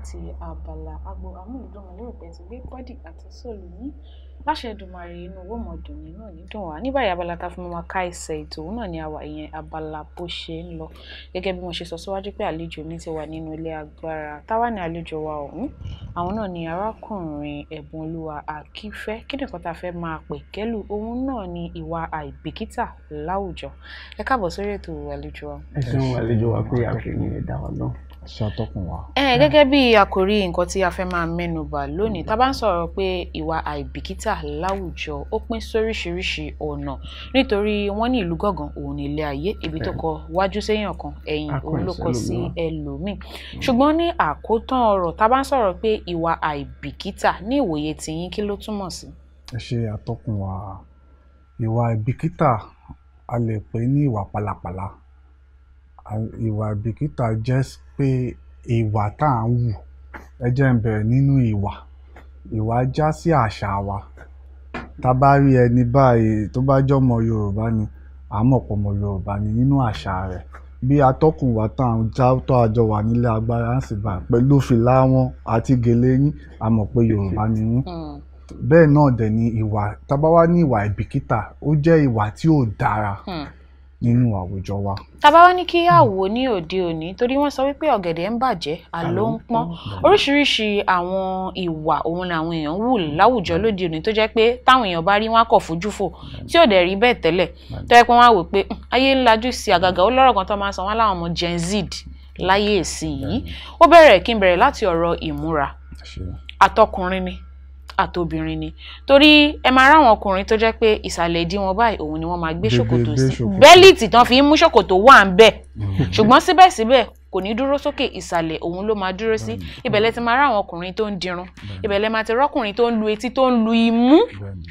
láti abala agbo amúlùdùn mi lérò pé ti gbé bọ́dì àti sóòlù yín láṣẹ Èdùmàrè inú owó mọ̀ọ́dún yìí náà ní dùn wá ní báyìí abala tá a fún wa ká ẹsẹ̀ ètò òun náà ni àwa ìyẹn abala bó ṣe ń lọ gẹ́gẹ́ bí mo ṣe sọ síwájú pé àlejò mi ti wà nínú ilé agbára táwa ni àlejò wa ọ̀hún àwọn náà ni arákùnrin Ẹ̀bùnolúwa Akínfẹ́ kí ni nǹkan tá a fẹ́ máa pè kẹ́lù òun náà ni ìwà àìbìkítà láwùjọ ẹ káàbọ̀ sórí ètò àlejò wa. ẹ ṣeun àlejò wa pé àṣeyìn ẹ̀dá wa náà ṣe atọ́kùn wa. ẹ gẹ́gẹ́ bí àkòrí nǹkan tí a fẹ́ máa mẹ́nu bà lónìí mm. tá a bá ń sọ̀rọ̀ pé ìwà àìbìkítà láwùjọ ó pín sóríṣiríṣi ọ̀nà nítorí wọ́n ní ìlú gángan òun ní ilé ayé ibi tó kọ wájú séèyàn kan ẹ̀yìn òun ló kọ sí ẹlòmíì mm. ṣùgbọ́n ní àkótán ọ̀rọ̀ tá a bá ń sọ̀rọ̀ pé ìwà àìbìkítà ní ìwòye tìyín kí ló túmọ̀ sí. ẹ ṣe atọ́kùn wa ìwà àìbìkítà a lè pè ní ìwà pálapàla ìwà àìbìkítà jẹ́ pé ìwà tá à ń wù, ẹ jẹ́ n bẹ̀rẹ̀ nínú ìwà. Ìwà já sí àṣà wa. Ta bá rí ẹni báyìí tó bá jẹ́ ọmọ Yorùbá ni, a mọ̀ pé ọmọ Yorùbá ni nínú àṣà rẹ̀. Bí atọ́kùn wa tá ń já tó àjọ wa nílé agbára ń sì bá pẹ̀lú fìlà wọn àti gèlè yín, a mọ̀ pé Yorùbá ni wọ́n. Hmm. Bẹ́ẹ̀ náà dẹ̀ ni ìwà. Ta bá wá ní ìwà ìbìkítà, ó jẹ́ ìwà tí ò dára. Hmm nínú àwùjọ wa. tàbá wá ní kí àwò ní òde òní torí wọ́n sọ wípé ọ̀gẹ̀dẹ̀ ń bàjẹ́ àló ń pọ́n oríṣiríṣi àwọn ìwà òun làwọn èèyàn wù láwùjọ lóde òní tó jẹ́ pé táwọn èèyàn bá rí wọn kò fojú fò tí ò dẹ̀ rí bẹ́ẹ̀ tẹ́lẹ̀ tó yẹ pé wọ́n á wò pé hmm, ayé ń sí àgàgà ó lọ́rọ̀ kan tó máa sọ wọ́n láwọn ọmọ gen z láyé èsì yìí ó bẹ̀rẹ̀ kí n bẹ̀rẹ̀ láti ọ̀rọ̀ ìmúra àtọkùnrin ni àtobìnrin ni torí ẹ máa ráwọn ọkùnrin tó jẹ́ pé ìsàlẹ̀ ìdí wọn báyìí òun ni wọ́n máa gbé ṣòkòtò sí bẹ́líìtì tán fi ń mú ṣòkòtò wà ń bẹ̀ mm. ṣùgbọ́n síbẹ̀síbẹ̀ kò ní dúró sókè ìsàlẹ̀ òun ló máa dúró sí ibẹ̀ lẹ ti máa ráwọn ọkùnrin tó ń dirun ibẹ̀ lẹ máa ti rọ́kùnrin tó ń lu etí tó ń lu imú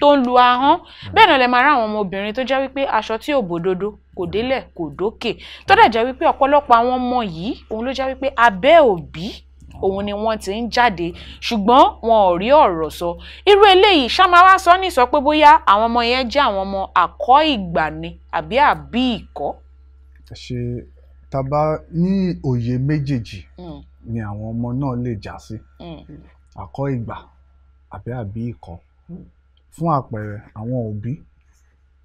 tó ń lu ahọ́n bẹ́ẹ̀ náà lẹ máa ráwọn ọmọbìnrin tó jẹ́ wípé aṣọ tí ò bòdodo kò délẹ̀ kò dókè tó dẹ̀ jẹ́ wípé ọ̀pọ̀lọpọ̀ àwọn ọmọ yìí òun ló jẹ́ wípé abẹ́ òbí òun ni wọ́n ti ń jáde ṣùgbọ́n wọn ò rí ọ̀rọ̀ sọ irú eléyìí ṣàmáwá sọ ní sọ pé bóyá àwọn ọmọ yẹn jẹ́ àwọn ọmọ àkọ́ ìgbà ni àbí àbí ìkọ́. ṣe taba ní òye méjèèjì hmm. ni àwọn ọmọ náà lè já sí hmm. àkọ́ ìgbà àbí àbí ìkọ́ fún àpẹẹrẹ àwọn òbí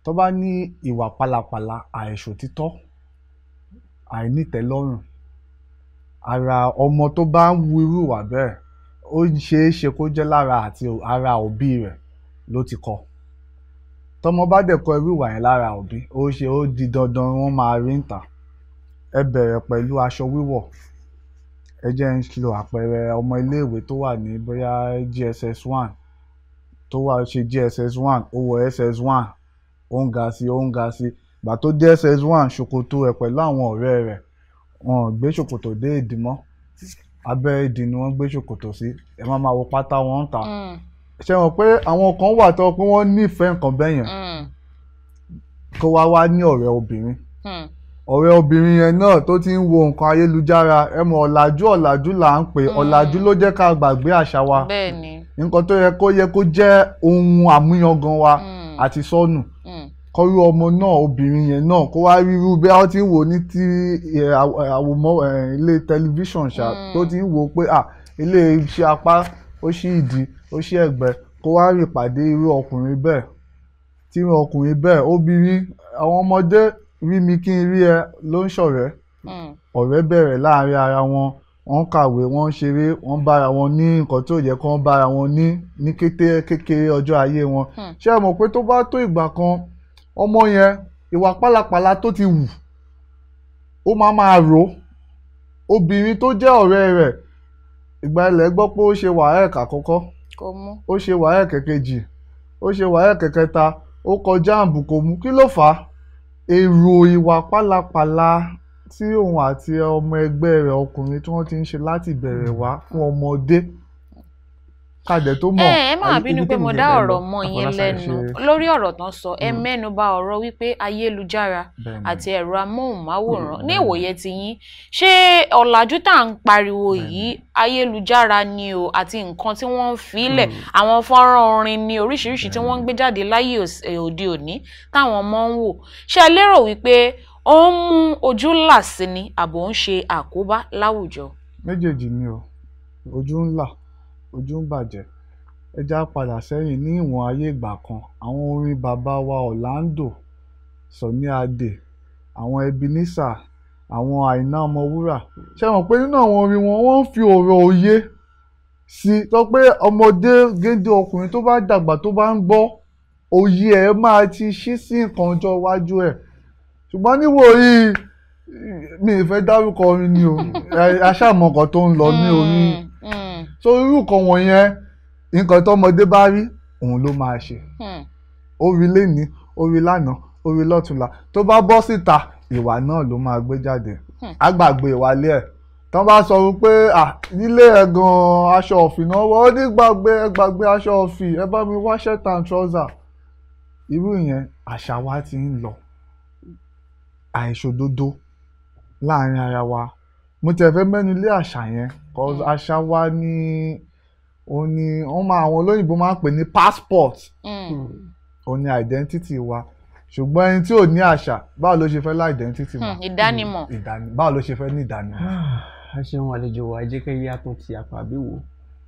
tó bá ní ìwà pálapàla àìṣòtítọ́ àìnítẹ́lọ́rùn ara ọmọ tó bá ń wu irú ìwà bẹ́ẹ̀ ó ṣeé ṣe kó jẹ́ lára àti ara òbí rẹ̀ ló ti kọ́ tọmọ bá dẹ̀ kọ́ irú ìwà yẹn lára òbí ó ṣe ó di dandan wọ́n máa rí ìta ẹ bẹ̀rẹ̀ pẹ̀lú aṣọ wíwọ̀ ẹ jẹ́ ń lo àpẹẹrẹ ọmọ iléèwé tó wà ní bóyá JSS one tó wà ṣe JSS one ó wọ SS one ó ń ga sí ó ń ga sí gbà tó JSS one ṣòkòtò ẹ̀ pẹ̀lú àwọn ọ̀rẹ́ rẹ̀ wọn ò gbé ṣòkòtò dé ìdí mọ́ abẹ́ ìdí ni wọ́n gbé ṣòkòtò sí ẹ má máa wo pátá wọn ń tà ṣe wọn pé àwọn kan wà tó pé wọ́n nífẹ̀ẹ́ nǹkan bẹ́ẹ̀ yẹn mm. kó wá wá ní ọ̀rẹ́ obìnrin mm. ọ̀rẹ́ obìnrin yẹn náà tó ti ń wo nǹkan ayélujára ẹ mọ̀ ọ̀làjú ọ̀làjú là ń pè mm. ọ̀làjú ló jẹ́ ká gbàgbé àṣà wa nǹkan tó yẹ kó yẹ kó jẹ́ ohun àmúyangàn wa àti sọnù kọ́rú ọmọ náà obìnrin yẹn náà kó wá ríru bí wọ́n ti ń wò ní ti àwòmọ́ ilé tẹlifíṣàn ṣá hmm. tó ti ń wò pé ilé iṣẹ́ apá ó ṣí ìdí ó ṣí ẹ̀gbẹ́ kó wá rí ìpàdé irú ọkùnrin bẹ́ẹ̀ tí irú ọkùnrin bẹ́ẹ̀ obìnrin àwọn ọmọdé rí mi kí n rí ẹ ló ń ṣọ̀rẹ́ hmm. ọ̀rẹ́ bẹ̀rẹ̀ láàrin ara wọn wọ́n kàwé wọ́n ṣeré wọ́n bára wọn ní nǹkan tó yẹ kí wọ́n bára wọn ní ní kété kékeré ọjọ́ ayé wọn hmm. ṣé ẹ mọ̀ pé tó bá tó ìgbà kan ọmọ yẹn ìwà pálapàla tó ti wù ó máa máa rò ó obìnrin tó jẹ́ ọ̀rẹ́ rẹ̀ ìgbà ilẹ̀ gbọ́ pé ó ṣe wàhálà àkọ́kọ́ ó ṣe wàhálà kẹ̀kejì ó ṣe wàhálà kẹ̀kẹta ó kọjá àǹbù kò mú kí ló fà á èrò ìwà pálapàla tí òun àti ọmọ ẹgbẹ́ rẹ̀ ọkùnrin tí wọ́n ti ń ṣe láti bẹ̀rẹ̀ wá fún ọmọdé. Mm -hmm kàdẹ̀ tó mọ̀. ẹ ẹ má bínú pé mo dá ọ̀rọ̀ mọ́ yín lẹ́nu lórí ọ̀rọ̀ tán sọ ẹ mm. mẹ́nu bà ọ̀rọ̀ wípé ayélujára àti ẹ̀rọ amóhùnmáwòrán mm, ní ìwòye ti yín ṣé ọ̀làjú tá à ń pariwo yìí ayélujára ni o àti nǹkan tí wọ́n ń filẹ̀ mm. àwọn fọ́nrán orin ni oríṣiríṣi tí wọ́n ń gbé jáde láyé eh, òde òní táwọn ọmọ ń wò ṣé ẹ lérò wípé ó ń mú ojú là sí ni àbò ń ṣe àkóbá láwùjọ. méjèèjì ni o ojú ńlá ojú ń bàjẹ́. Ẹ já padà sẹ́yìn ní ìwọ̀n ayé ìgbà kan, àwọn orin baba wa Orlando, Sunny Adé, àwọn Ebenezer, àwọn Àìná Ọmọwúrà. Ṣé ẹ mọ̀ pé nínú àwọn orin wọn, wọ́n ń fi ọ̀rọ̀ òye sí i. Tọ́ pé ọmọdé géńdé ọkùnrin tó bá dàgbà tó bá ń gbọ́, òye ẹ̀ máa ti ṣí sí nǹkan ọjọ́ iwájú ẹ̀. Ṣùgbọ́n níwòyí mi ì fẹ́ dárúkọ orin ni o, a ṣá mọ̀ nǹkan tó ń lọ ní orin. Hmm so irú kan wọ̀nyẹn nǹkan tọmọdé bá rí òun ló máa ṣe orí hmm. lẹ́ni orí lánàá orí lọ́túnla tó bá bọ́ síta ìwà náà ló máa gbé jáde àgbàgbé hmm. ìwálé ẹ̀ tán bá sọ wípé nílé ẹ̀ gan-an aṣọ òfì náà wọ́n ó ní gbàgbé ẹ gbàgbé aṣọ òfì ẹ bá mi wá shirt and trouser irú yẹn àṣà wa ti ń lọ àìṣòdodo láàrin ara wa mo tẹ̀ fẹ́ mẹ́nu lé àṣà yẹn cause mm. àṣà wa ni ó ní wọ́n máa àwọn olóyìnbó máa ń pè ní passport mm. hmm. ó ní identity wa ṣùgbọ́n ẹni tí ò ní àṣà báwo ló ṣe fẹ́ lá identity hmm, mọ́ hmm, ìdánimọ̀ báwo ló ṣe fẹ́ ní ìdánimọ̀. a ah, ṣeun àlejò wa ẹ jẹ́ kí yíyá tún ti àpàbí wò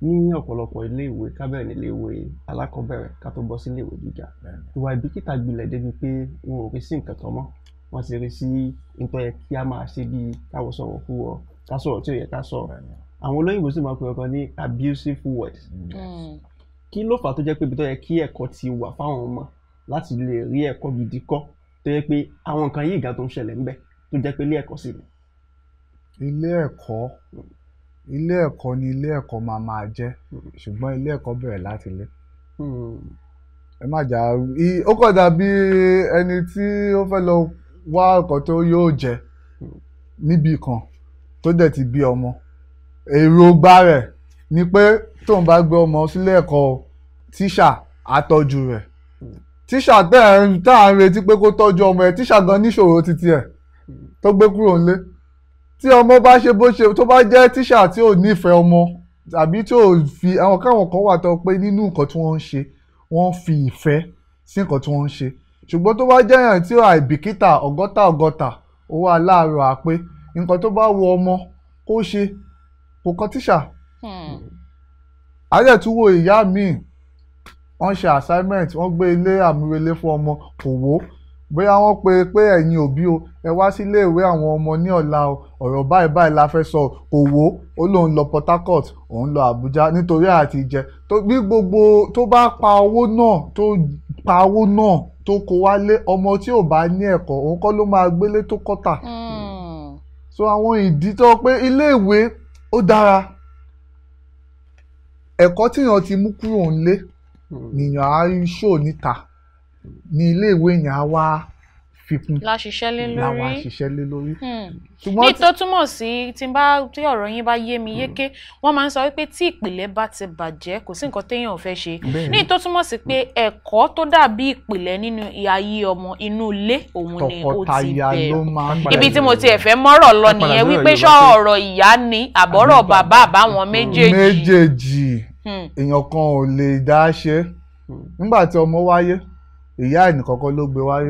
ní ọ̀pọ̀lọpọ̀ iléèwé kábẹ̀rẹ̀ níléèwé alákọ̀ọ́bẹ̀rẹ̀ ká tó bọ́ sí iléèwé gíga ìwà ìbìkítà gbilẹ̀ débi pé wọn ò rí sí nǹkan kan mọ́ wọ́n ti rí sí nǹkan yẹn kí a máa ṣe bíi káwọ́ sọ̀rọ̀ kú ọ ká sọ̀rọ̀ tí ò yẹ ká sọ̀rọ̀ àwọn olóyìnbó sì máa pè ọkàn ní abusive words hmm. kí ló fà tó jẹ́ pé ibi tó yẹ kí ẹ̀kọ́ ti wà fáwọn ọmọ láti lè rí ẹ̀kọ́ gidi kọ́ tó yẹ pé àwọn nǹkan yìí gan tó ń ṣẹlẹ̀ ńbẹ̀ tó jẹ́ pé ilé ẹ̀kọ́ sì ni. ilé ẹ̀kọ́ ilé ẹ̀kọ́ ni ilé ẹ̀kọ́ máa máa jẹ́ ṣùgbọ́n ilé ẹ̀kọ́ bẹ̀rẹ̀ láti ilé hmm. ẹ má jà ó kọ̀ dàbí ẹni tí ó fẹ́ lọ wá ọkọ̀ tó yóò jẹ níbi kan tó dẹ̀ ti bí ọmọ èròǹgbà rẹ̀ ni pé tóun bá gbé ọmọ sílé ẹ̀kọ́ tíṣà àtọ́jú rẹ̀ tíṣà tẹ́ ẹ̀ ń tá à ń retí pé kó tọ́jú ọmọ ẹ̀ tíṣà gan níṣòro títí ẹ̀ tó gbé kúrò ńlé tí ọmọ bá ṣe bó ṣe tó bá jẹ́ tíṣà tí ò nífẹ̀ẹ́ ọmọ tàbí tí ò fi àwọn káwọn kan wà tó pé nínú nǹkan tí wọ́n ń ṣe wọ́n fi ìfẹ́ sí nǹkan tí wọ́n ń ṣe ṣùgbọ́n tó bá jẹ́yàn tí àìbìkítà ọgọ́ta ọgọ́ta owó aláàárọ̀ àpé nǹkan tó bá wọ ọmọ kó ṣe kò kọ́ tíṣà. Hmm. ayé tún wo ìyá mi wọ́n ṣe assignment wọ́n gbé ilé àmúrelé fún ọmọ kò wò bóyá wọ́n pe pé ẹ̀yin òbí o ẹ wá sílé ìwé àwọn ọmọ ní ọ̀la o ọ̀rọ̀ báyìí báyìí la fẹ́ sọ kò wò ó lòun lọ Port Harcourt òun lọ Àbújá nítorí àti jẹ tó bí gbogbo tó bá pa owó náà tó pa owó náà tó kó wálé ọmọ tí ò bá ní ẹ̀kọ́ òun kọ́ ló máa gbélé tó kọ́tà hmm. so àwọn ìdí tó pé ilé ìwé ó dára ẹ̀kọ́ tíyan ti mú kúrò ńlé hmm. nìyàn á ṣò níta ni ilé ìwé yẹn á wá fikún la ṣiṣẹ́ lé lórí la wá ṣiṣẹ́ lé lórí. Hmm. ní tó túmọ̀ sí tí bá tí ọ̀rọ̀ yín bá yé mi hmm. yéké wọ́n máa ń sọ wípé tí ìpìlẹ̀ bá ti bàjẹ́ kò sí nǹkan téèyàn ò fẹ́ ṣe ní tó túmọ̀ sí pé ẹ̀kọ́ tó dàbí ìpìlẹ̀ nínú ayé ọmọ inú ilé òun ni ó ti bẹ̀rẹ̀ ibi tí mo ti ẹ̀fẹ́ mọ́rọ̀ lọ nìyẹn wípé ṣọ́ ọ̀rọ̀ ìyá ni àbọ̀rọ̀ bàbá àbáwọn méjèèjì méjèèjì hmm. èèyàn kan ò lè dá ṣe nígbà tí ọmọ wáyé ìyá ẹ̀ nìkọ́kọ́ ló gbé wáyé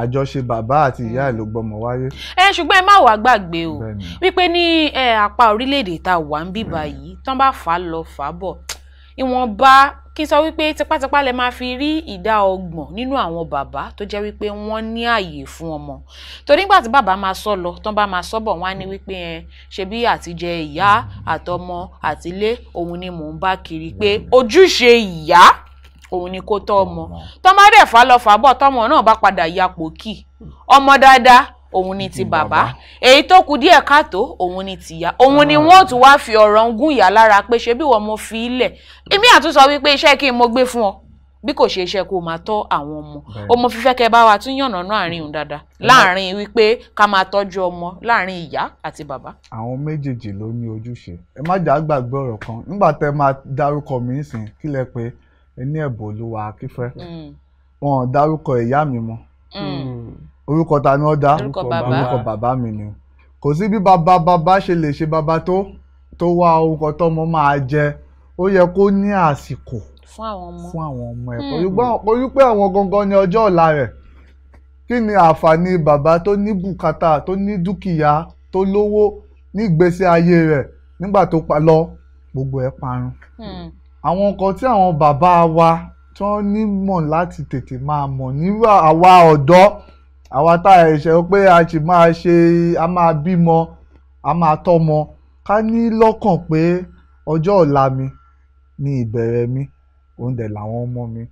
àjọṣe bàbá àti ìyá ẹ̀ ló gbọ́mọ wáyé. ẹ ṣùgbọ́n ẹ má wàá gbàgbé o wípé ní apá orílẹ̀-èdè tá a wà ń bíbá yìí tán bá fà á lọ fà á bọ̀ ìwọ̀nba kí n sọ wípé tipátipá lè máa fi rí ìdá ọgbọ̀n nínú àwọn bàbá tó jẹ́ wípé wọ́n ní ààyè fún ọmọ torí nígbà tí bàbá máa sọ lọ tán bá máa sọ bọ̀ wọ́n á ní wípé ẹ ṣebí àtijẹ ìyá àtọmọ àtilé òun ni mò ń bá kiri pé ojúṣe ìyá òun ni kó tọ́ ọmọ tọ́mọ dẹ̀ fà lọ fà bọ̀ tọ́mọ náà bá padà yapò kì ọmọ dáadáa òun ni ti bàbá èyí tó kù díẹ̀ káàtó òun ni tìyá òun ni ah. wọ́n tún wá fi ọ̀rọ̀ ń gún ìyá lára pé ṣé bí wọ́n mo fi í lẹ̀ èmi àtúnsọ wípé iṣẹ́ kí n mo gbé fún ọ bí kò ṣe iṣẹ́ kó máa tọ́ àwọn ọmọ ọmọ fífẹ́ kẹ bá wa tún yànnàná àárín òun dáadáa láàárín wípé ká máa tọ́jú ọmọ láàárín ìyá àti bàbá. àwọn méjèèjì ló ní ojúṣe ẹ má jà gbàgbé ọ̀rọ̀ kan nígbà tẹ máa dárúkọ mi ń sìn kílẹ̀ pé ẹni ẹ̀bùn olúwa akífẹ́ mm. wọn ò dárúkọ ìyá mi mọ mm. orúkọ ta ni dá orúkọ bàbá mi ni kò sí bí bàbá bàbá ṣe lè ṣe bàbá tó tó wá orúkọ ọmọ máa jẹ ó yẹ kó ní àsìkò fún àwọn ọmọ ẹ̀kọ́ orí pé àwọn gangan ni ọjọ́ ọ̀la rẹ̀ kí ni àǹfààní bàbá tó ní bùkátà tó ní àwọn nǹkan tí àwọn bàbá wa tí wọ́n nímọ̀ láti tètè máa mọ̀ nígbà àwa ọ̀dọ́ àwa tá a ṣe pé a sì máa ṣe a máa bímọ a máa tọ́mọ ká ní lọ́kàn pé ọjọ́ ọ̀la mi ni ìbẹ̀rẹ̀ mi òun dẹ̀ làwọn ọmọ mi. ẹ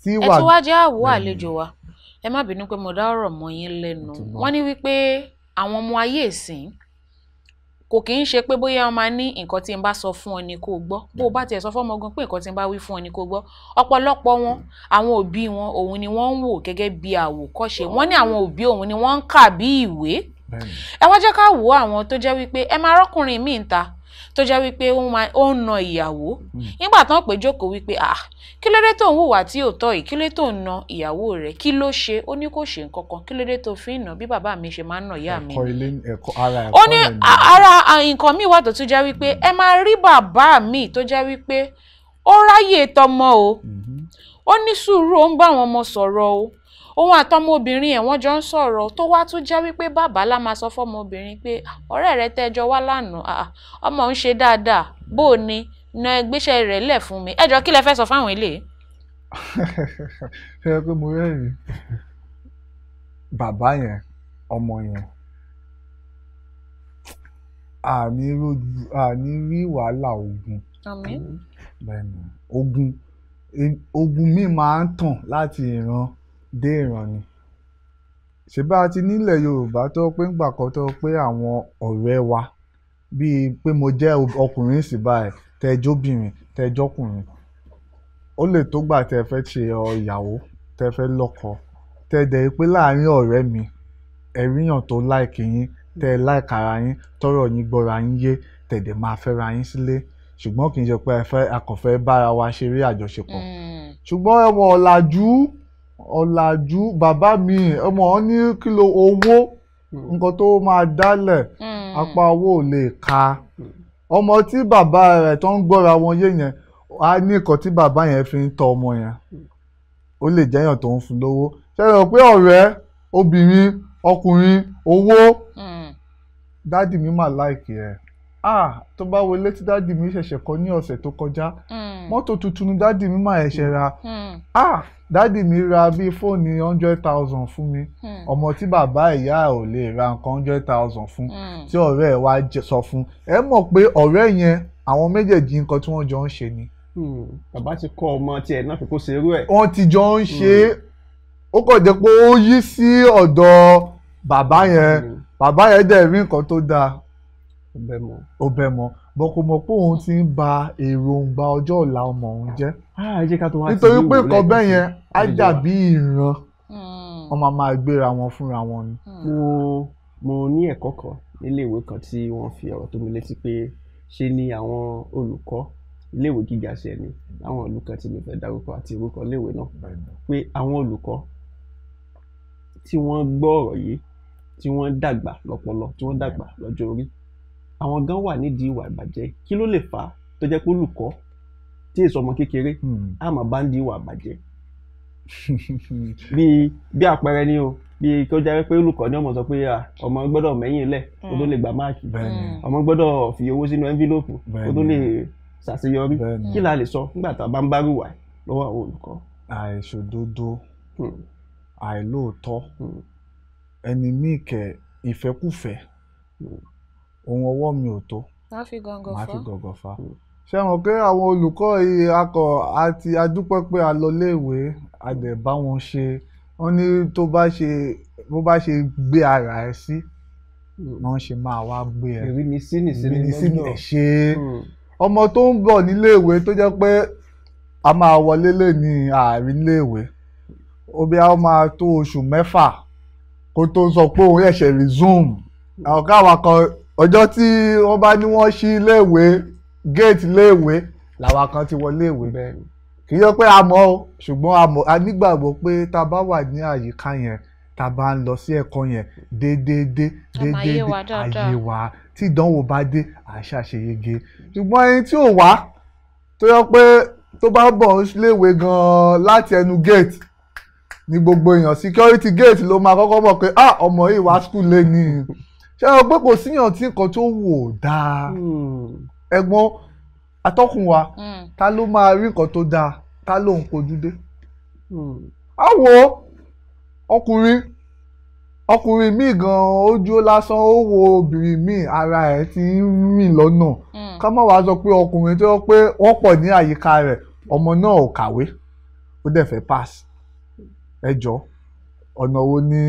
ti wá jẹ́ àwò àlejò wa ẹ má bínú pé mo dá ọ̀rọ̀ mọ́ yín lẹ́nu wọ́n ní wípé àwọn ọmọ ayé ìsìn kò kì í ṣe pé bóyá ọmọ ní nǹkan tí n bá sọ fún ọ ni kò gbọ́ bó o bá tiẹ̀ sọ fọ́mọ gan pé nǹkan tí n bá wí fún ọ ni kò gbọ́ ọ̀pọ̀lọpọ̀ wọn àwọn òbí wọn òun ni wọ́n ń wò gẹ́gẹ́ bí àwòkọ́ṣe wọ́n ní àwọn òbí òun ni wọ́n ń kà bí ìwé ẹ wá jẹ́ ká wò àwọn tó jẹ́ wípé ẹ máa rọ́kùnrin míì ta tó jẹ́ wípé ó ń na ìyàwó hmm. nígbà tán pé jókòó wípé ah kí ló dé tó ń hùwà tí ò tọ́ yìí kí ló dé tó ń na ìyàwó rẹ̀ kí ló ṣe ó ní kò ṣe nǹkan kan kí ló dé tó fi ń nà bí bàbá mi ṣe máa ń nà ìyá mi. ó ní ara nǹkan míì wà tó tún jẹ́ wípé hmm. ẹ máa rí bàbá mi tó jẹ́ wípé ó ráyè tọmọ o hmm. ó ní sùúrù ó ń bá àwọn ọmọ sọ̀rọ̀ o òun àtọmọbìnrin ẹ̀ wọ́n jọ ń sọ̀rọ̀ tó wá tún jẹ́ wípé bàbá la máa sọ fọmọbìnrin pé ọ̀rẹ́ rẹ tẹ́jọ wá lánàá ọmọ ń ṣe dáadáa bó o ní na ẹgbẹ́ṣẹ́ rẹ̀ lẹ̀ fún mi ẹjọ́ kí lẹ fẹ́ sọ fáwọn eléyìí. ṣé ẹ pé mo rẹ́rìn-ín bàbá yẹn ọmọ yẹn àní rí wàhálà ogun ogun ogun mi máa ń tàn láti ìran dé ìran ni. Ṣèbí a ti nílẹ̀ Yorùbá tó jẹ́ pé ńgbà kan tó jẹ́ pé àwọn ọ̀rẹ́ wa bíi pé mo jẹ́ ọkùnrin sì báyìí, tẹ jóbìnrin, tẹ jọ́kùnrin. Ó lè tó gbà tí ẹ fẹ́ ṣe ìyàwó, tẹ fẹ́ lọ́kọ, tẹ dẹ̀ rí pé láàárín ọ̀rẹ́ mi, ẹ tó like yín, tẹ like ara yín, tọ́rọ̀ yín gbọ́ra yín yé, tẹ dẹ̀ máa fẹ́ra yín sílé. Ṣùgbọ́n kì í ṣe pé ẹ fẹ́, a wa ṣeré àjọṣepọ̀. Hmm. Ṣùgbọ́n ẹ wọ ọ̀làjú. ọ̀làjú bàbá mi ọmọ ní kìlò owó hmm. nǹkan tó máa dálẹ̀ hmm. apá owó ò lè ka ọmọ tí bàbá rẹ̀ tó ń gbọ́ra wọn yé yẹn á ní nǹkan tí bàbá yẹn fi ń tọ ọmọ yẹn hmm. ó lè jẹ́yàn tó ń fún lówó pé ọ̀rẹ́ obìnrin ọkùnrin owó dádì mi ah tó bá wọlé tí dáàdì mi ṣẹ̀ṣẹ̀ kọ́ ní ọ̀sẹ̀ tó kọjá hmm. mọ́tò tuntun ni dáàdì mi máa ẹ̀ṣẹ̀ ra hmm. Hmm. ah dáàdì mi ra bíi fóònù hundred thousand fún mi ọmọ tí bàbá ìyá ò lè ra nǹkan hundred thousand fún tí ọ̀rẹ́ ẹ̀ wá sọ fún ẹ mọ̀ pé ọ̀rẹ́ yẹn àwọn méjèèjì nǹkan tí wọ́n jọ ń ṣe ni. bàbá ti kọ́ ọmọ tiẹ̀ náà fi kó ṣe irú ẹ̀. wọ́n ti jọ ń ṣe é ó kàn jẹ́ pé ó yí sí ọ̀dọ̀ bàbá yẹn bàbá yẹn dẹ̀ rí nǹkan tó dáa ó bẹ́ mọ́ bọ́ kò mọ̀ pé òun ti ń ba èròǹgbà ọjọ́ ọ̀la ọmọ òun jẹ́ ah, nítorí pé kọ bẹ́ẹ̀ yẹn á dàbí ìran hmm. wọn máa máa gbéra wọn fúnra wọn ni. Hmm. mo ní ẹ̀kọ́ kan níléèwé kan tí wọ́n fi ọ̀rọ̀ tó mi létí pé ṣe ni àwọn olùkọ́ iléèwé gíga ṣe ni láwọn ìlú kan tí mi fẹ́ dárúkọ àti orúkọ iléèwé náà pé àwọn olùkọ́ tí wọ́n gbọ́ ọ̀rọ̀ yìí tí wọ́n dàgbà lọ́pọlọ tí wọ́n dàgbà lọ́jọ́ orí àwọn gan wà nídìí ìwà ìbàjẹ́ kí ló lè fà á tó jẹ́ pé olùkọ́ tí èso ọmọ kékeré àmọ́ hmm. bá ń di ìwà ìbàjẹ́ bí bí àpẹẹrẹ ni o bí kó jẹ́ pé olùkọ́ ni ọmọ sọ pé ọmọ gbọ́dọ̀ mẹ́yìn lẹ̀ kó tó hmm. lè gba máàkì ọmọ gbọ́dọ̀ fi owó sínú ẹ́ńfílópù kó tó lè ṣàṣeyọrí kí la lè sọ nígbà tá a bá ń bá rúwà lọ́wọ́ àwọn olùkọ́. àìṣòdodo hmm. àìlóòótọ́ ẹni míì kẹ ìfẹ́kùfẹ́ ohun ọwọ́ mi ò tó màá fi gọ̀ǹgọ̀ fa ṣe mọ̀ pé àwọn olùkọ́ yìí akọ̀ àti adúpẹ́ pé a lọ léèwé a dẹ̀ bá wọn ṣe wọ́n ní tó bá ṣe bó bá ṣe gbé ara ẹ sí wọ́n ṣe máa wá gbé ẹ èmi ni sí nìsinmi lọ́dọ̀ ṣe hmm. ọmọ tó ń bọ̀ níléèwé tó jẹ́ pé a máa wọlé lè ní àárín obi a máa tó oṣù mẹ́fà kó tó sọ pé òun ẹ̀ṣẹ̀ resume àwọn káwa kan ọjọ́ tí wọ́n bá ní wọ́n ṣí iléèwé géètì iléèwé làwa kan ti wọlé ìwé kì í yọ pé a mọ̀ o ṣùgbọ́n a mọ̀ a nígbàgbọ́ pé tá a bá wà ní àyíká yẹn tá a bá ń lọ sí ẹ̀kọ́ yẹn déédéédé déédéédé àyè wa tí ìdánwò bá dé àṣà ṣèyege ṣùgbọ́n ẹni tí ò wá tó yọ pé tó bá bọ̀ ń léwe gan-an láti ẹnu gate ni gbogbo èèyàn security gate ló máa kọ́kọ́ mọ̀ pé ah ọmọ yìí wá school lé ní ṣé o gbé kò síyàn tí nǹkan tó wù ọ́ dáa hmm. ẹ̀gbọ́n atọ́kùn wa hmm. ta ló máa rí nǹkan tó dáa ta ló ń kojú dé. àwo hmm. ọkùnrin ọkùnrin míì gan ó jó lásán ó wo obìnrin míì ara ẹ̀ ti ń rìn lọ́nà ká má wàá sọ pé ọkùnrin tó yọ pé wọ́n pọ̀ ní àyíká rẹ̀ ọmọ náà ò kàwé ó dẹ̀ fẹ́ pass ẹ jọ̀ọ́ ọ̀nà wo ni.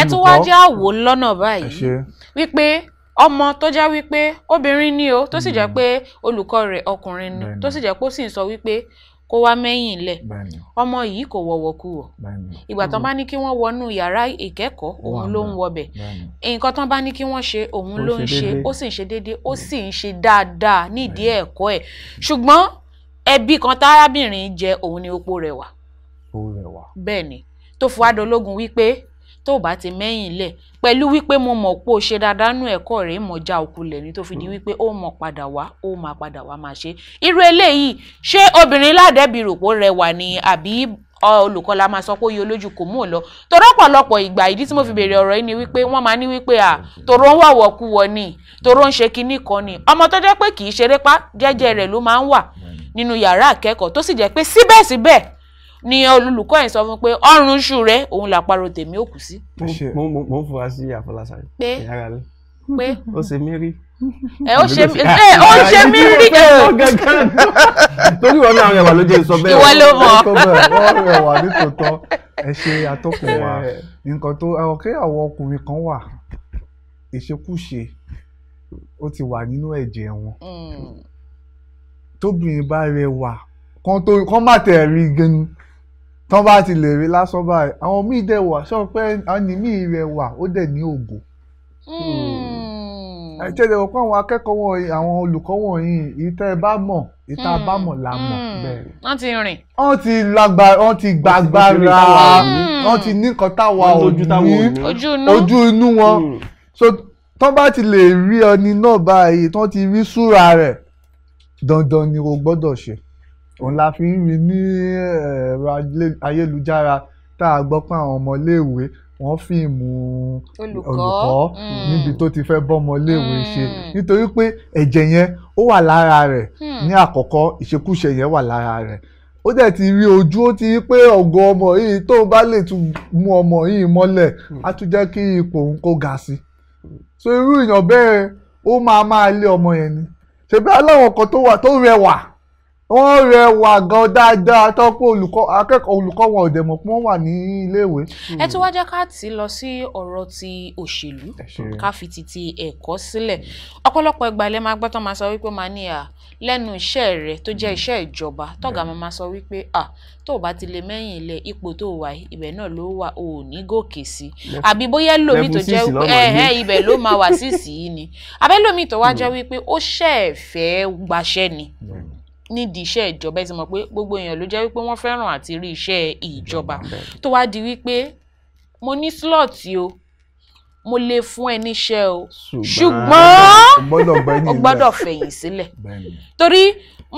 ẹ tún wá jẹ́ àwò lọ́nà báyìí wípé ọmọ tó jẹ́ wípé obìnrin ni o tó sì jẹ́ hmm. pé olùkọ́ rẹ̀ ọkùnrin ni tó sì jẹ́ pé ó sì ń sọ wípé kó wá mẹ́yìn lẹ̀ ọmọ yìí kò wọ̀wọ̀ kú wọ̀ ìgbà tán bá ní kí wọ́n wọnú yàrá ìkẹ́kọ̀ọ́ òun ló ń wọbẹ̀ nǹkan tán bá ní kí wọ́n ṣe òun ló ń ṣe ó sì ń ṣe déédéé ó sì ń ṣe dáadáa nídìí ẹ̀kọ́ ẹ̀ ṣùgbọ́n ẹbí kan tárábìnrin jẹ òun ni opó rẹwà. bẹ́ẹ̀ ni tó fi wá dológun wípé tó bá ti mẹ́yìn lẹ̀ pẹ̀lú wípé mo mọ̀ pé o ṣe dáadáa nú ẹ̀kọ́ rẹ̀ mọ̀ já òkulẹ̀ ni tó fi di hmm. wípé ó mọ̀ padà wá ó máa padà wá máa ṣe irú eléyìí ṣé obìnrin ládẹ́bi rò pé rẹwà ni àbí olùkọ́ la máa sọ pé oyè olójú kò mú ò lọ tòró ọ̀pọ̀lọpọ̀ ìgbà ìdí tí mo fi béèrè ọ̀rọ̀ yìí ni wípé wọ́n máa ní wípé à tòró ń wàwọ̀ kú wọ ni tòró ń ṣe kinní kan ni ọmọ tó jẹ́ pé kì í ṣeré pa jẹ́jẹ́ rẹ̀ ló máa ń wà hmm. nínú yàrá akẹ́kọ̀ọ́ tó sì jẹ́ pé síbẹ̀síbẹ̀ ni olùkọ́ yẹn sọ fún pé ọrùn ṣù rẹ òun làparò tèmi ò kù sí. mo mo mo fura sí àfọlásáré. pé pé ó ṣe mí rí ẹ ó ah, ṣe mí ẹ ó ṣe mí rí ẹ. torí wọn náà rẹwà ló jẹ sọ bẹ́ẹ̀ ìwọ ló mọ wọn rẹwà nítòótọ́ ẹ ṣe atọ́kùn wa nǹkan tó ọkẹ àwọn ọkùnrin kan wà ìṣekúṣe ó ti wà nínú ẹ̀jẹ̀ wọn hmm. tóbìnrin bá rẹwà kan tó kan má tẹ̀ rí gan tán bá ti lè rí lásán báyìí àwọn míì dẹ̀ wà sọ pé àní míì rẹ̀ wà ó dẹ̀ ní ògo. ẹ̀jẹ̀ lè wọ́n pé àwọn akẹ́kọ̀ọ́ wọ̀nyí àwọn olùkọ́ wọ̀nyí ìtẹ́ ẹ bá mọ̀ ìta bá mọ̀ là mọ̀ hmm. Hmm. bẹ́ẹ̀. wọ́n ti rìn. wọ́n ti lágbára wọ́n ti gbàgbára wọ́n ti ní nǹkan táwa ò ní ojú inú wọn hmm. so tán bá ti lè rí ọni náà báyìí tán ti rí súra rẹ̀ dandan ni o gbọ́dọ̀ ṣe òun la fi ń rí ní ẹ̀rọ ayélujára tá a gbọ́ pé àwọn ọmọléèwé wọ́n fíìmù olùkọ́ hmm. níbi tó ti fẹ́ bọ́mọléèwé hmm. ṣe nítorí pé ẹ̀jẹ̀ yẹn ó wà lára rẹ̀ hmm. ní àkọ́kọ́ ìṣekúṣe yẹn wà lára rẹ̀ ó dẹ̀ ti rí ojú ó ti rí pé ọ̀gọ̀ ọmọ yìí tó bá lè tún mú ọmọ yìí mọ́lẹ̀ á tún jẹ́ kí ipò òun kó ga sí so irú èèyàn bẹ́ẹ̀ ó máa máa lé ọmọ yẹn ni ṣebí aláwọ̀ kan tó rẹwà wọ́n rẹwà gan dáadáa tó pé olùkọ́ akẹ́kọ̀ọ́ olùkọ́ wọn ò dẹ̀ mọ̀ pé wọ́n wà ní iléèwé. ẹ tún wá jẹ́ ká tì í lọ sí ọ̀rọ̀ ti òṣèlú ká fi ti ti ẹ̀kọ́ sílẹ̀ ọ̀pọ̀lọpọ̀ ìgbà ilé máa gbọ́ tán máa sọ wípé máa ní à lẹ́nu iṣẹ́ rẹ tó jẹ́ iṣẹ́ ìjọba tọ́gà máa máa sọ wípé à tó o bá ti lè mẹ́yìn ilẹ̀ ipò tó wà ibẹ̀ náà ló wà ò ní gòkè sí àbí bóyá lómi tó jẹ́ ẹ̀hẹ́ ibẹ̀ ló máa wà sí ni àbẹ́lómi tó wá jẹ́ hmm. wípé ó ṣẹ̀fẹ̀ẹ́ gbaṣẹ́ ni. Hmm nídìí iṣẹ́ ìjọba ẹ ti mọ̀ pé gbogbo èèyàn ló jẹ́ wípé wọ́n fẹ́ràn àti rí iṣẹ́ ìjọba tó wá di wípé mo ní slọ́ọ̀tì o mo lè fún ẹ níṣẹ́ o ṣùgbọ́n o gbọ́dọ̀ fẹ̀yìn sílẹ̀ torí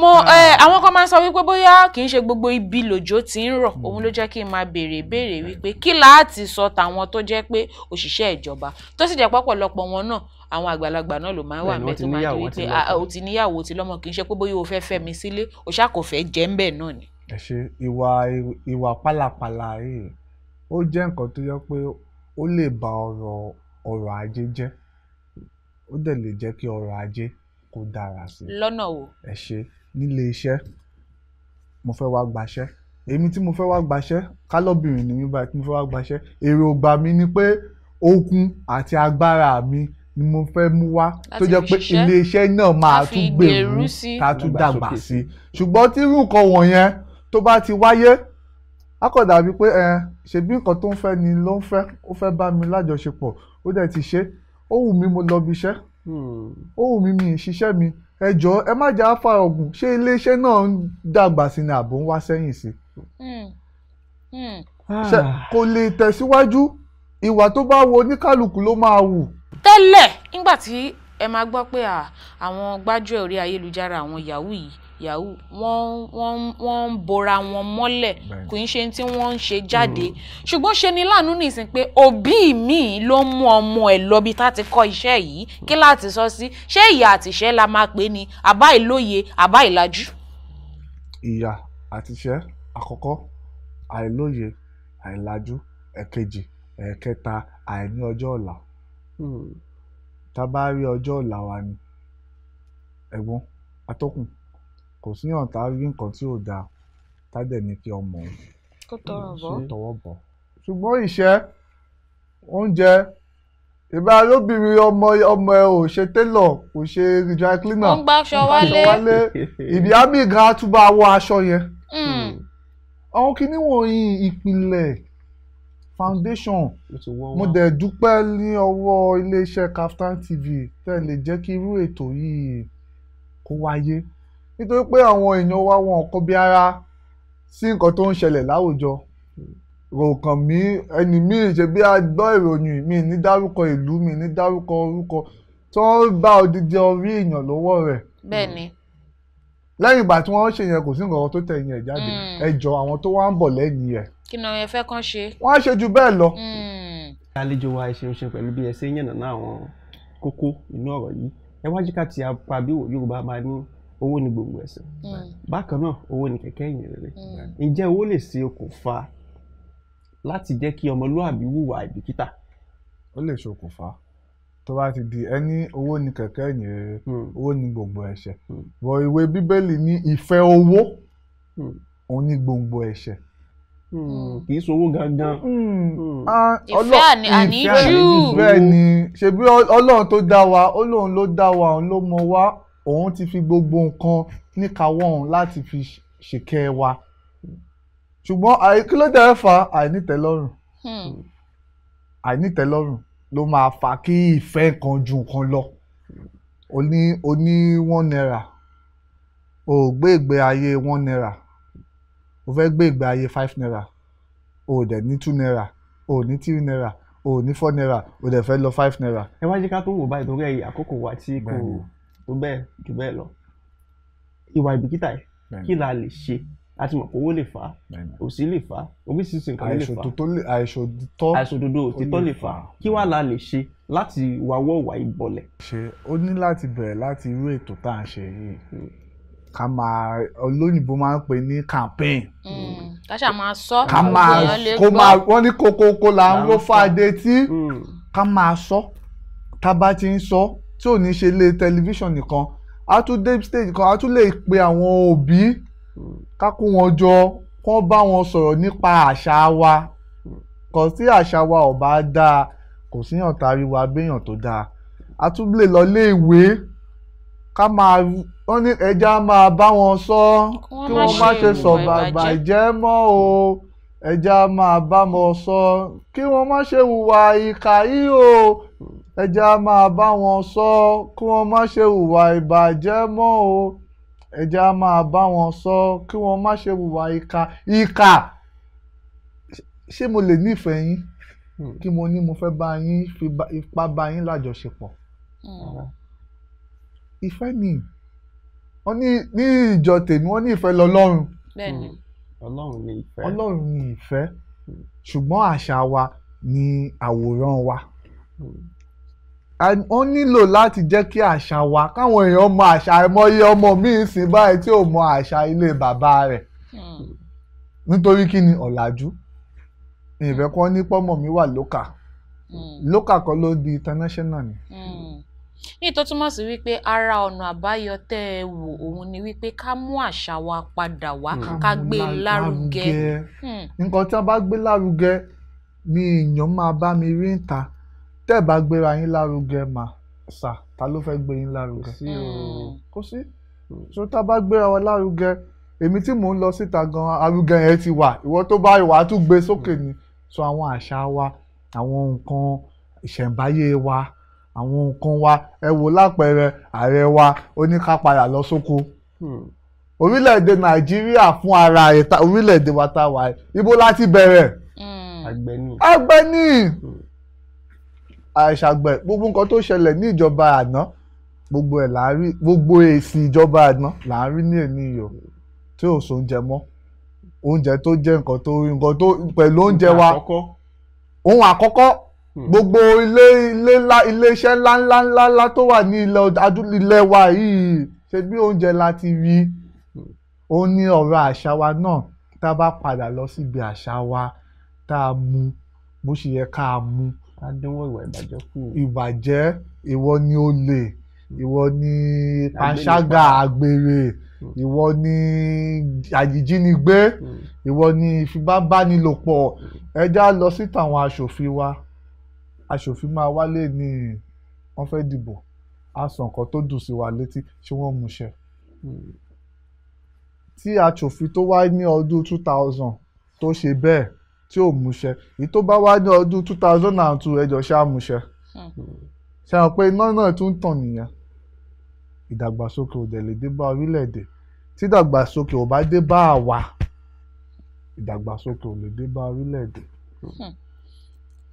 mo ah. àwọn kan máa ń sọ wípé bóyá kì í ṣe gbogbo ibi lòjò ti ń rọ̀ hmm. òun ló jẹ́ kí n máa béèrè béèrè wípé kí láti sọ tàwọn tó jẹ́ pé òṣìṣẹ́ ìjọba tó sì jẹ́ pọ̀pọ̀lọpọ̀ wọn náà àwọn àgbàlagbà náà ló máa ń wà ń bẹ tó máa ń di wípé o ti níyàwó o ti lọ́mọ kì í ṣe pé bóyá o fẹ́ fẹ́ mi sílé o ṣàkófẹ́ jẹ́ ń bẹ̀ náà ni. ẹ ṣe ìwà ìwà pálapàla yìí ó jẹ́ nǹkan tó yẹ pé ó lè ba ọrọ̀ ọrọ̀ ajé jẹ́ ó dẹ̀ lè jẹ́ kí ọrọ̀ ajé kó dára sí i. lọ́nà wo. ẹ ṣe nílé iṣẹ́ mo fẹ́ wá gbaṣẹ́ èmi tí mo fẹ́ wá gbaṣẹ́ kálọ́bìnrin ni mi báyìí tí mo fẹ́ wá gbaṣẹ́ èròǹgbà mi ni pé okun àti agbára mi ni mo fẹ́ mú wá tó jẹ́ pé iléeṣẹ́ náà máa tún gbèrú tá a tún dàgbà sí ṣùgbọ́n tí irú nǹkan wọ̀nyẹn tó bá ti wáyé á kàn dàbí pé ẹ eh, ṣebí nǹkan tó ń fẹ́ ni ló ń fẹ́ ó fẹ́ bá mi lájọṣepọ̀ ó dẹ̀ ti ṣe ó wù mí mo lọ bí iṣẹ́ hmm. ó wù mí mi ì ṣiṣẹ́ mi ẹ jọ ẹ má jà á fa ọ̀gùn ṣé iléeṣẹ́ náà ń dàgbà sí ni àbò ń wá sẹ́yìn sí hmm. Hmm. kò lè tẹ̀síwájú ìwà tó bá wo oníkálukú ló máa wù tẹ́lẹ̀ nígbà tí ẹ máa gbọ́ pé àwọn gbájúẹ̀ orí ayélujára àwọn yahoo yìí yahoo wọ́n wọ́n wọ́n ń bora wọn mọ́lẹ̀ kò ń ṣe tí wọ́n ń ṣe jáde ṣùgbọ́n ṣe ni láàánú nìsín pé òbí mi ló ń mú ọmọ ẹ̀ lọ́bi tá ti kọ́ iṣẹ́ yìí kí láti sọ sí ṣé ìyá àtìṣẹ́ la máa pè ní àbá ìlóye àbá ìlàjú. ìyá àtìṣẹ́ àkọ́kọ́ àìlóye àìlàjú ẹ̀kejì ẹ̀kẹta àìní ọjọ́ ọ̀la. Hmm. tá a bá rí ọjọ́ ọ̀la wa ni ẹ̀gbọ́n atọ́kùn kò síyàn tá a rí nǹkan tí ò dáa tá a dẹ̀ ní kí ọmọ kó tọwọ́ bọ̀. ṣùgbọ́n ìṣẹ́ oúnjẹ ìbá lóbìnrin ọmọ ọmọ ẹ ò ṣe télọ̀ kò ṣe dry cleaner ó ń gba aṣọ wálé ìdí àmì gan-an tún bá wọ aṣọ yẹn. Hmm. àwọn kinní wọ̀nyí ìpìlẹ̀ foundation mo dẹ̀ dúpẹ́ ní ọwọ́ iléeṣẹ́ Kaftan TV tẹ́ lè jẹ́ kí irú ètò yìí kó wáyé nítorí pé àwọn èèyàn wa wọn kò bí ara sí nǹkan tó ń ṣẹlẹ̀ láwùjọ ròkàn mí ẹni mi ṣe bí a gbọ́ ìròyìn mi ní dárúkọ ìlú mi ní dárúkọ orúkọ tó ń bá odidi orí èèyàn lọ́wọ́ rẹ̀. bẹ́ẹ̀ni lẹ́yìn ìgbà tí wọ́n ṣe yẹn kò sí nǹkan tó tẹ̀yìn ẹ̀ jáde hmm. ẹ àwọn tó wá ń bọ̀ lẹ́yìn ẹ̀. kí ni ọ̀yẹ́ fẹ́ kán ṣe. wọ́n á ṣe ju bẹ́ẹ̀ lọ. Hmm. àlejò wa ẹ ṣeun ṣe pẹ̀lú bí ẹ ṣe ń yànnàná àwọn kókó inú ọ̀rọ̀ yìí ẹ wá jí ká apá bí Yorùbá máa ní owó ni gbogbo ẹ̀sìn hmm. bákan náà owó ni kẹ̀kẹ́ ìyìn rere ǹjẹ́ owó lè ṣe okùnfà láti jẹ́ kí ọmọlúwàbí hùwà tó bá ti di ẹni owó ni kẹ̀kẹ́ ìyìn rere hmm. owó ni gbogbo ẹ̀ṣẹ̀ hmm. bọ̀ ìwé bíbélì ní ìfẹ́ owó hmm. òun ni gbogbo ẹ̀ṣẹ̀ kì í sowó gangan. Ah, ìfẹ́ àníjú ìfẹ́ ni ṣebí ọlọ́run tó dá wa ọlọ́run ló dá wa òun ló mọ wa òun ti fi gbogbo nǹkan níkàáwọ́ òun láti fi ṣèkẹ́ wa ṣùgbọ́n kí ló dẹ̀ àìnítẹ́lọ́rùn àìnítẹ́lọ́rùn ló máa fa kí ìfẹ́ nǹkan ju nǹkan lọ oní oní one naira o ò gbé ìgbé ayé one naira o fẹ́ gbé ìgbé ayé five naira o ò dẹ̀ ní two naira o ò ní three naira o ò ní four naira o dẹ̀ fẹ́ lọ five naira. ẹ wá jẹ́ ká tó wò báyìí torí ẹ̀yìn àkókò wa tí kò tó bẹ́ẹ̀ jù bẹ́ẹ̀ lọ ìwà ìbìkítà yìí kí la lè ṣe a ti mọ̀ pé owó lè fà á òṣì lè fà á oríṣiríṣi nǹkan lè fà á àìṣòtítọ́ àìṣòdodo òtítọ́ lè fà kí wàá la lè ṣe láti wáwọ́ ìwà ìbọ̀lẹ̀. ṣe ó ní láti bẹ̀rẹ̀ láti irú ètò tá à ṣe yìí hmm. ká máa olóyìnbó máa ń pè ní campaign. Hmm. ká ṣáà máa sọ ká máa kó máa wọ́n ní kokoko là ń wó fàdé tí hmm. ká máa sọ tá bá ti ń sọ tí ò ní ṣe lé tẹlifíṣàn nìkan a tún dé stage kan a tún lè pe àwọn òbí ká kó wọn jọ kó bá wọn sọ̀rọ̀ nípa àṣà wa kò sí àṣà wa ò bá dáa kò síyàn tá a wa béèyàn tó dáa a tún lè lọ lé ìwé ká máa wọ́n ní ẹja máa bá wọn sọ kí wọ́n má ṣe sọ bàbà ìjẹ́ mọ́ o ẹja máa bá wọn sọ kí wọ́n má ṣe hùwà ìkà yìí o ẹja máa bá wọn sọ kí wọ́n má ṣe hùwà ìbàjẹ́ mọ́ o ẹja máa bá wọn sọ kí wọn má ṣe hùwà ìka ìka ṣé mo lè nífẹ̀ẹ́ yín hmm. kí mo ní mo fẹ́ bá yín fi ipá bá yín lájọṣepọ̀ hmm. ìfẹ́ ni wọ́n ní ní ìjọ tèmi wọ́n ní ìfẹ́ lọ́lọ́run hmm. ọlọ́run ni ìfẹ́ ọlọ́run ni ìfẹ́ ṣùgbọ́n àṣà wa ni àwòrán wa. Mm ó nílò láti jẹ́ kí àṣà wa káwọn èèyàn mọ àṣà àìmọye ọmọ mi sìn báyìí tí ò mọ àṣà ilé bàbá rẹ̀ hmm. nítorí kí ni ọ̀làjú ìrẹ́ kan ní pọ́mọ̀ mi wà lókà hmm. lókà kan ló di international ni. Hmm. ní ìtọ́ túmọ̀ sí wípé ara ọ̀nà àbáyọ tẹ́ ẹ wò òun ni wípé ká mú àṣà wa padà wá ká gbé e lárugẹ. nǹkan tí a bá gbé lárugẹ ni èèyàn máa bá mi rí ń ta. Mm tẹ́ ẹ̀ bá gbéra yín lárugẹ mà sà ta ló fẹ́ gbé yín lárugẹ kò sí hmm. so tá a bá gbéra wa lárugẹ èmi tí mò ń lọ síta gan arugẹ yẹn ti wà ìwọ tó bá wà á tún gbé sókè ni so àwọn àṣà wa àwọn nǹkan ìṣẹ̀ǹbáyé wa àwọn nǹkan wa ẹ wò lápẹẹrẹ ààrẹ wa ó ní ká padà lọ sóko hmm. orílẹ̀-èdè nàìjíríà fún ara orílẹ̀-èdè wa tá a wà ibo láti bẹ̀rẹ̀ hmm. àgbẹ̀ ni àṣàgbẹ̀ gbogbo nǹkan tó ṣẹlẹ̀ ní ìjọba àná gbogbo ẹ̀ là ń rí gbogbo èsì ìjọba àná là ń rí ní èní yìí o tí ò sọ oúnjẹ mọ́ oúnjẹ tó jẹ́ nǹkan tó nǹkan tó pẹ̀lú oúnjẹ wa ohun àkọ́kọ́ hmm. gbogbo ilé ilé ńlá iléeṣẹ́ ńlá ńlá ńlá ńlá tó wà ní ilẹ̀ adúlọ̀ ilẹ̀ wa yìí ṣe bí oúnjẹ la ti rí ó ní ọ̀rọ̀ àṣà wa náà tá a bá padà lọ síbi àṣà wa tá a mu bó ṣe yẹ ká a mu adínwó ìwà ìbàjẹ́ kù. ìbàjẹ́ ìwọ ni olè ìwọ ni panṣágà àgbèrè ìwọ ni àjíjínigbé ìwọ ni ìfipábánilòpọ̀ ẹja lọ sí tàwọn aṣòfin wa aṣòfin máa wálé ní wọ́n fẹ́ dìbò a sọ nǹkan tó dùn sí wa létí ṣé wọ́n mú ṣe hmm. tí aṣòfin tó wáyé ní ọdún two thousand tó ṣe bẹ́ẹ̀ tí ò múṣẹ èyí tó bá wá ní ọdún two thousand and two ẹjọ ṣáà múṣẹ ṣe hàn pé iná náà tún tàn nìyẹn ìdàgbàsókè ò dẹ̀ lè dé bá orílẹ̀-èdè tí ìdàgbàsókè ò bá dé bá àwa ìdàgbàsókè ò lè dé bá orílẹ̀-èdè.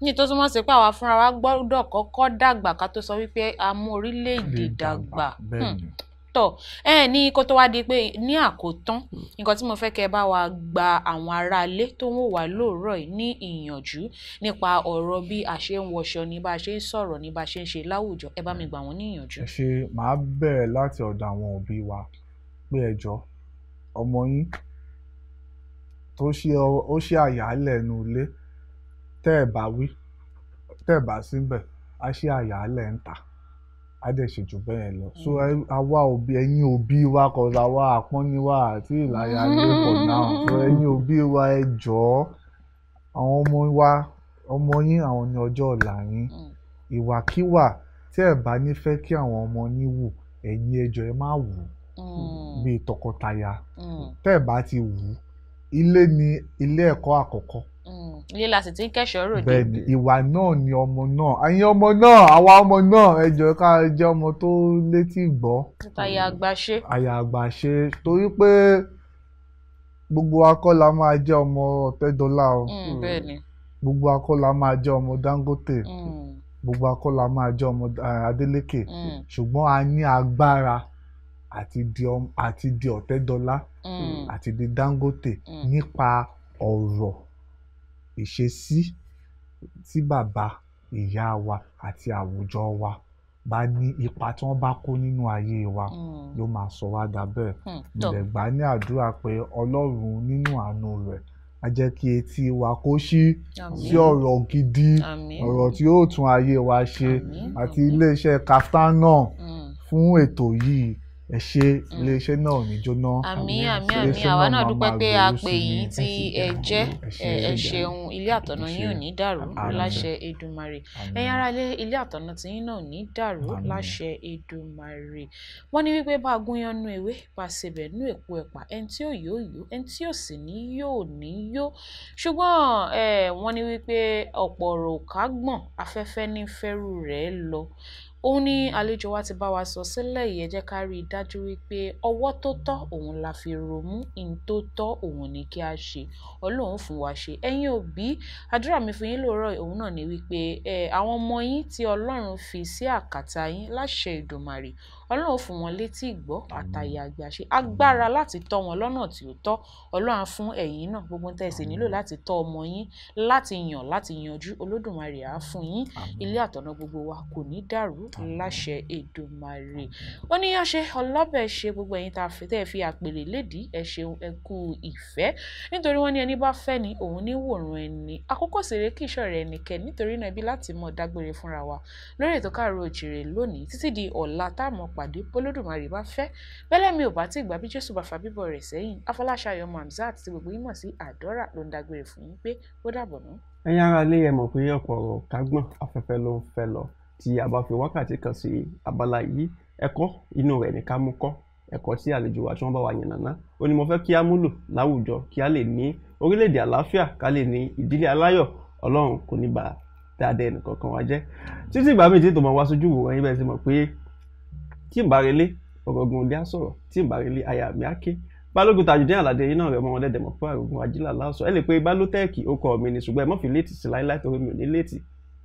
ní tó túmọ̀ sí pé àwa fúnra wa gbọ́dọ̀ kọ́kọ́ dàgbà ká tó sọ wípé a mú orílẹ̀-èdè dàgbà. tọ̀ ẹ ní kó tó wá di pé ní àkótán nǹkan tí mo fẹ́ kẹ́ bá wa gba àwọn aráalé tó ń wò wá lóòrọ̀ yìí ní ìyànjú nípa ọ̀rọ̀ bí a ṣe ń wọṣọ ní bá a ṣe ń sọ̀rọ̀ ní bá a ṣe ń ṣe láwùjọ ẹ bá mi gbà wọ́n ní ìyànjú. ẹ ṣe màá bẹ̀rẹ̀ láti ọ̀dọ̀ àwọn òbí wa pé ẹ ọmọ yín tó ṣe ó ṣe àyàálẹ̀ nu ilé tẹ́ ẹ̀ bá wí tẹ́ ẹ̀ bá síbẹ̀ á ṣe àyàálẹ̀ ń ta á dẹ̀ ṣe jù bẹ́ẹ̀ lọ so mm. àwa òbí ẹ̀yin òbí wa kọ̀ọ̀dà wa àpọ́nni wa àti ìlàyà lé for now so ẹ̀yin òbí wa ẹ jọ̀ọ́ àwọn ọmọ wa ọmọ yín àwọn ní ọjọ́ ọ̀la yín mm. ìwàkiwà tí ẹ bá nífẹ̀ẹ́ kí àwọn ọmọ yín wù ẹ̀yin ẹ jọ̀ọ́ ẹ má wù mm. bíi tọkọtaya tẹ́ ẹ bá ti wù ilé ni ilé ẹ̀kọ́ àkọ́kọ́ Mm, ilé la sì ti ń kẹ́ṣọ̀ọ́ ròde. bẹ́ẹ̀ni ìwà náà ni ọmọ náà àyìn ọmọ náà àwa ọmọ náà ẹjọ ká jẹ ọmọ tó létí gbọ́. àyà àgbàṣe. àyà àgbàṣe torí pé gbogbo akọ́ la máa jẹ́ ọmọ ọ̀tẹ́dọ́là o. Mm, bẹ́ẹ̀ni. gbogbo akọ́ la máa jẹ́ ọmọ Dangote. Mm. gbogbo akọ́ la máa jẹ́ ọmọ eh, Adeleke. ṣùgbọ́n a ní agbára àti di ọ̀tẹ́dọ́là àti di Dangote nípa ọ̀rọ̀ ìṣesí tí bàbá, ìyá wa àti àwùjọ wa bá ní ipa tí wọ́n bá kó nínú ayé wa hmm. ló máa sọ wá dà bẹ́ẹ̀. Hmm. Mo gbà ní àdúrà pé Ọlọ́run nínú àánú rẹ̀ á jẹ́ kí etí wa kó ṣí sí ọ̀rọ̀ gidi, ọ̀rọ̀ tí yóò tún ayé wa ṣe àti ilé Kaftan náà hmm. fún ètò yìí ẹ ṣe hmm. iléeṣẹ́ náà ní jóná. àmín àmín àmín àwa náà dúpẹ́ pé a pè yín tí ẹ jẹ́ ẹ ṣeun ilé àtọ̀nà yín ò ní dàrú láṣẹ Èdùmàrè ẹ̀yin ará ilé àtọ̀nà tiyín náà ò ní dàrú láṣẹ Èdùmàrè wọ́n ní wípé bá a gún yan nu ewé bá a ṣe èpo ẹ̀pà ẹni tí ò yóò yó ẹni tí ò sì ní yóò ní yó ṣùgbọ́n wọ́n ní wípé ọ̀pọ̀ ọ̀rọ̀ ò kágbọ̀n afẹ́fẹ́ ní fẹ́rù rẹ̀ lọ ó ní àlejò wa ti bá wa sọ sílẹ̀ yìí ẹ jẹ́ ká rí i dájú wípé ọwọ́ tó tọ́ òun la fi ròmú in tó tọ́ òun ni kí a ṣe ọlọ́run fún wa ṣe ẹ̀yin òbí àdúrà mi fún yín lóòrọ̀ òun náà ni wípé àwọn ọmọ yín tí ọlọ́run fi sí àkàtà yín láṣẹ ìdòmàrè ọlọ́run fún wọn létí ìgbọ́ àtàyè àgbàṣe agbára láti tọ́ wọn lọ́nà tí ó tọ́ ọlọ́run fún ẹ̀yin náà gbogbo tẹ̀sí nílò láti tọ́ ọmọ yín láti yàn láti yanjú olódùmarè á fún yín ilé àtọ̀nà gbogbo wa kò ní dàrú láṣẹ Èdùmàrè oníyanṣe ọlọ́bẹ̀ ṣe gbogbo ẹ̀yin tá a fi tẹ́ ẹ fi àpèrè lédìí ẹ ṣeun ẹ kú ìfẹ́ nítorí wọ́n ní ẹni bá fẹ́ ni òun ní wòran ẹni àkókò sèré kì í ṣọ̀rẹ́ ẹnikẹ́ni nítorí náà ibi láti mọ̀ dágbére fúnra wa lórí ètò Káàárọ̀ Oòjíire lónìí títí di ọ̀la tá a mọ̀ pàdé bólódùmarè bá fẹ́ bẹ́lẹ̀ mi ò bá tí ìgbà Jésù bá fa bíbọ̀ rẹ̀ sẹ́yìn Afọláṣayọ̀ Hamzat tí gbogbo yín mọ̀ sí Àdọ́rà ló ń dágbére fún yín pé ó dàbọ̀ náà ẹ̀yin ará mọ̀ pé ọ̀pọ̀ ọ̀rọ̀ kágbọ́n afẹ́fẹ́ ló ń fẹ́ lọ tí a bá fi wákàtí kan sí abala yìí ẹ̀kọ́ inú rẹ̀ ní ká mú kọ́ ẹ̀kọ́ tí àlejò wa tí wọ́n bá wa yànnàná ó ní mo fẹ́ kí á múlò láwùjọ kí á lè ní orílẹ̀ àlàáfíà ká lè ní ìdílé aláyọ̀ ọlọ́run kò ní bà dáadáa ẹnì kankan wa jẹ́ títí ìgbà míì tí tòmọ̀ wá sójú wò wọ́n bẹ́ẹ̀ ti mọ̀ pé tí ń bá relé ọ̀gọ̀gùn òde á sọ̀rọ̀ tí ń bá relé aya mi á ké balógun tajudeen alade yìí náà rẹ mọ wọn dẹdẹ mọ fún àrògùn ajílà láòsọ ẹ lè pe balótẹ́ẹ̀kì ó kọ mi ní ṣùgbọ́n ẹ mọ̀ fi léètì sí láíláí torí mi ò ní léètì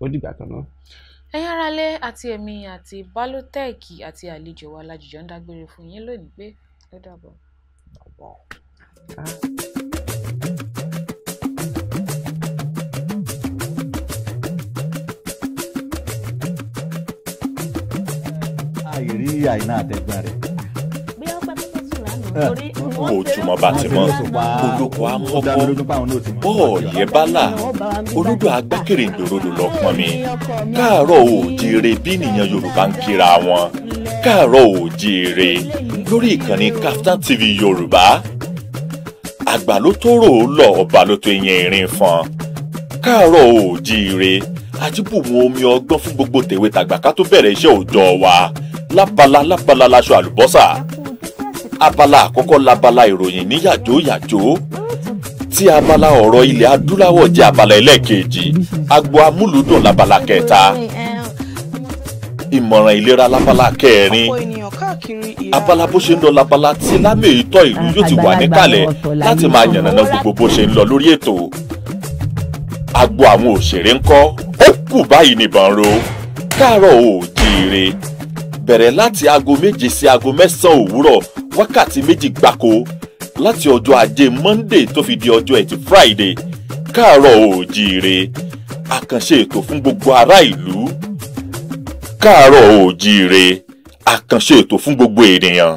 ó dìgbà kan náà ẹ̀yin aráalé àti èmi àti Balotech àti àlejò wa la jùjọ ń dágbére fún yín lónìí pé ó dàbọ̀. àìrí àìná àtẹ̀gbọ́n rẹ̀. bí ọpẹ́ pípẹ́ sùn lánàá torí wọ́n jùmọ̀ bá ti mọ́ olóko amọ́kọ́ bọ́ọ̀lì ẹ̀ bá là olódò agbákèrè ìdòrò ló lọ pọn mi káàárọ̀ oòjíire bí nìyẹn yorùbá ń kíra wọn káàárọ̀ oòjíire lórí ìkànnì Kaftan TV yorùbá àgbà ló tó rò ó lọ ọba ló tó yẹn ìrìn fọn káàárọ̀ oòjíire ajíbùmọ̀ omi ọgbọ́n fún gbogbo tèwe tàgbà ká tó bẹ̀rẹ̀ iṣẹ́ òòjọ́ wa lábala lábala láṣọ àlùbọ́sà abala àkọ́kọ́ labala ìròyìn ní yàjóyàjó tí abala ọ̀rọ̀ ilẹ̀ adúláwọ̀ jẹ́ abala ẹlẹ́ẹ̀kejì agbo amúlùdùn labala kẹta ìmọ̀ràn ìlera labala kẹrin abala bó ṣe ń lọ labala tí lámì ìtọ́ ìlú yóò ti wà níkàlẹ̀ láti máa yànnàná gbogbo bó ṣe ń lọ lórí ètò agbo àwọn òṣèré ńkọ́ ó kù báyìí nìbọn ro káàárọ̀ oòjíire bẹ̀rẹ̀ láti aago méje sí aago mẹ́sàn-án òwúrọ̀ wákàtí méjì gbáko láti ọjọ́ ajé monday tó fi di ọjọ́ ẹtì friday káàárọ̀ oòjíire àkànṣe ètò fún gbogbo ará ìlú káàárọ̀ oòjíire àkànṣe ètò fún gbogbo ènìyàn.